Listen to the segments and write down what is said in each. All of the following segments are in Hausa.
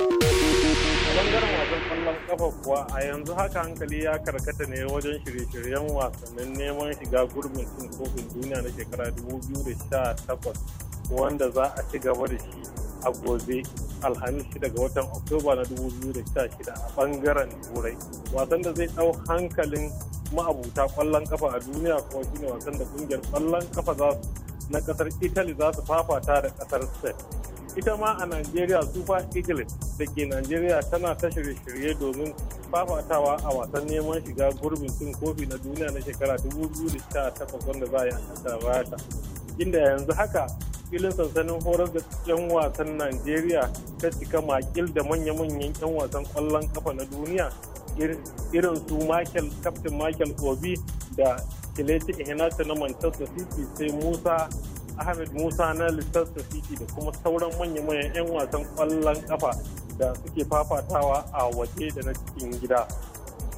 bangaren wasan kwallon ƙafa kuwa a yanzu haka hankali ya karkata ne wajen shirye-shiryen wasannin neman shiga gurbin cin kofin duniya na shekara 2018 wanda za a ci gaba da shi a gobe alhamis 6 ga watan oktoba na 2016 a bangaren turai wasan da zai dau hankalin ma'abuta kwallon kafa a duniya kuma shine wasan da kungiyar kwallon kafa na kasar italy za su fafata da kasar spain ita ma a Najeriya Super Eagles da ke Najeriya tana ta shirye-shirye domin fafatawa a wasan neman shiga gurbin cin kofi na duniya na shekara 2018 wanda za a yi a ƙasar Inda yanzu haka filin sansanin horar da 'yan wasan Najeriya ta cika makil da manya-manyan 'yan wasan kwallon kafa na duniya irin su Michael, Captain Michael Obi da Kileti Ihenata na Manchester City sai Musa ahmed musa na leicester city da kuma sauran manya-manyan 'yan wasan kwallon kafa da suke fafatawa a waje da na cikin gida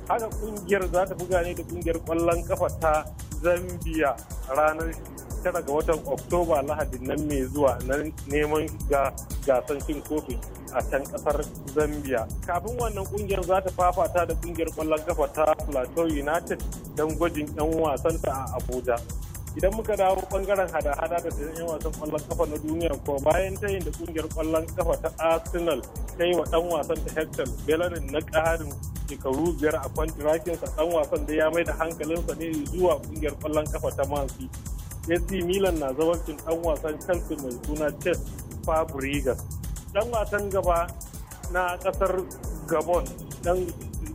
haka ƙungiyar za ta buga ne da ƙungiyar kwallon kafa ta zambia ranar tara ga watan oktoba lahadi nan mai zuwa na neman shiga gasan cin kofi a can ƙasar zambia kafin wannan ƙungiyar za ta fafata da ƙungiyar kwallon kafa ta plateau united don gwajin 'yan wasanta a abuja idan muka dawo bangaren hada-hada da ta yan wasan kwallon kafa na duniya ko bayan ta yi da kungiyar kwallon kafa ta arsenal ta yi wa dan wasan ta hector belarin na karin shekaru biyar a sa dan wasan da ya mai da hankalinsa ne zuwa kungiyar kwallon kafa ta mansi ac milan na zawarcin dan wasan chelsea mai suna chess fabregas dan wasan gaba na kasar gabon dan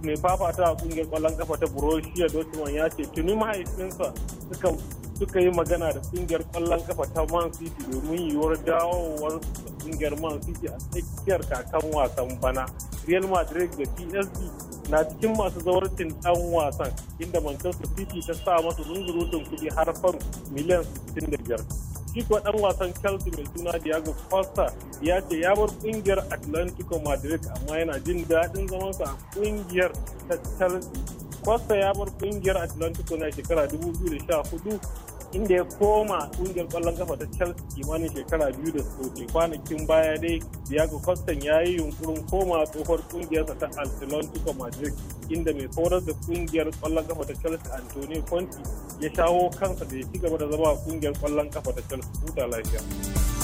mai fafata a kungiyar kwallon kafa ta borussia dortmund ya ce tuni mahaifinsa suka suka yi magana da kungiyar kwallon kafa ta man city domin yiwuwar dawowar kungiyar man city a tsakiyar kakan wasan bana real madrid da psg na cikin masu zawarcin dan wasan inda manchester city ta sa masu zunzurutun kuɗi har fan miliyan 65 shi kuwa dan wasan chelsea mai suna diego costa ya ce ya bar kungiyar atlantico madrid amma yana jin daɗin zamansa a kungiyar ta chelsea Costa ya bar kungiyar Atlantico na shekara 2014 inda ya koma kungiyar kwallon kafa ta Chelsea kimanin shekara biyu da suke kwanakin baya dai Diego Costa ya yi yunkurin koma tsohuwar kungiyarsa ta Atletico Madrid inda mai horar da kungiyar kwallon kafa ta Chelsea Antonio Conte ya shawo kansa da ya ci gaba da zama kungiyar kwallon kafa ta Chelsea huta lafiya.